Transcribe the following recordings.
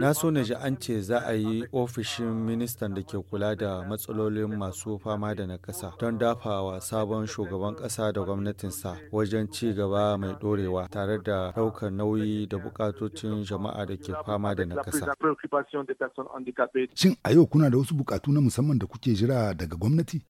Na so na ji an ce za a yi ofishin ministan da ke kula da matsalolin masu fama da na ƙasa don dafawa sabon shugaban ƙasa da gwamnatinsa wajen ci gaba mai ɗorewa tare da ɗaukar nauyi da buƙatocin jama'a da ke fama da na ƙasa. Shin a yau kuna da wasu buƙatu na musamman da kuke jira daga gwamnati?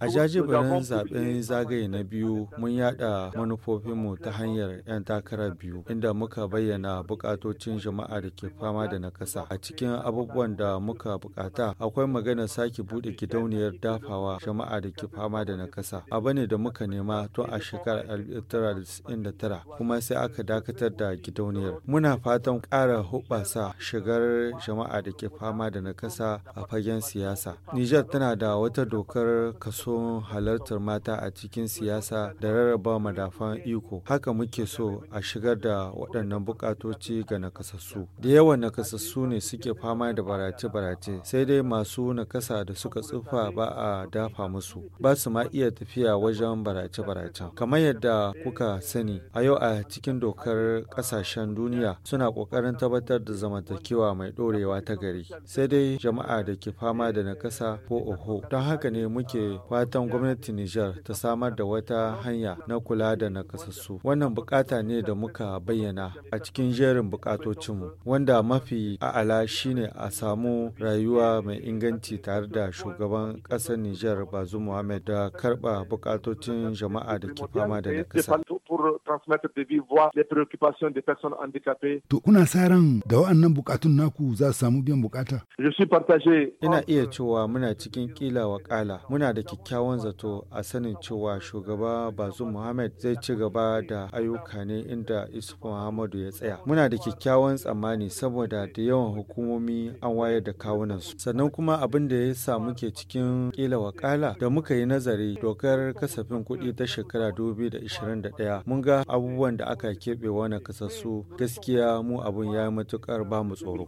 A jajibirin zaɓen zagaye na biyu mun yada manufofinmu ta hanyar 'yan takara biyu inda muka bayyana bukatocin jama'a da ke fama da nakasa. A cikin abubuwan da muka bukata akwai magana sake bude gidauniyar dafawa jama'a da ke fama da nakasa. Abu ne da muka nema tun a shekarar 1999 kuma sai aka dakatar da gidauniyar. Muna fatan ƙara hubasa shigar jama'a da ke fama da nakasa a fagen siyasa. Nijar tana da wata dokar kaso halartar mata a cikin siyasa da rarraba madafan iko. Haka muke so a shigar da waɗannan bukatoci ga nakasassu da yawan nakasassu ne suke fama da barace-barace sai dai masu nakasa da suka tsufa ba a dafa musu ba su ma iya tafiya wajen barace barace kamar yadda kuka sani a yau a cikin dokar kasashen duniya suna kokarin tabbatar da zamantakewa mai dorewa ta gari sai dai jama'a da ke fama da nakasa ko oho don haka ne muke fatan gwamnati Nijar ta samar da wata hanya na kula da nakasassu wannan bukata ne da muka bayyana a cikin jerin tarin bukatocinmu wanda mafi a'ala shine a samu rayuwa mai inganci tare da shugaban ƙasar Nijar Bazoum Mohamed da karɓa bukatocin jama'a da ke fama da nakasa. pour transmettre de vive voix les préoccupations des personnes handicapées. To kuna sa ran da wa'annan bukatun naku za samu biyan bukata? Je suis partagé. Ina iya cewa muna cikin kila wakala. Muna da kyakkyawan zato a sanin cewa shugaba Bazoum Mohamed zai ci gaba da ayyuka ne inda Isuf Muhammadu ya tsaya. Muna da kyakkyawan tsammani saboda da yawan hukumomi an wayar da kawunan su. Sannan kuma abin da ya sa muke cikin kila wakala da muka yi nazari dokar kasafin kuɗi ta shekara 2021 mun ga abubuwan da aka keɓe wa nakasassu gaskiya mu abun ya yi matukar ba mu tsoro.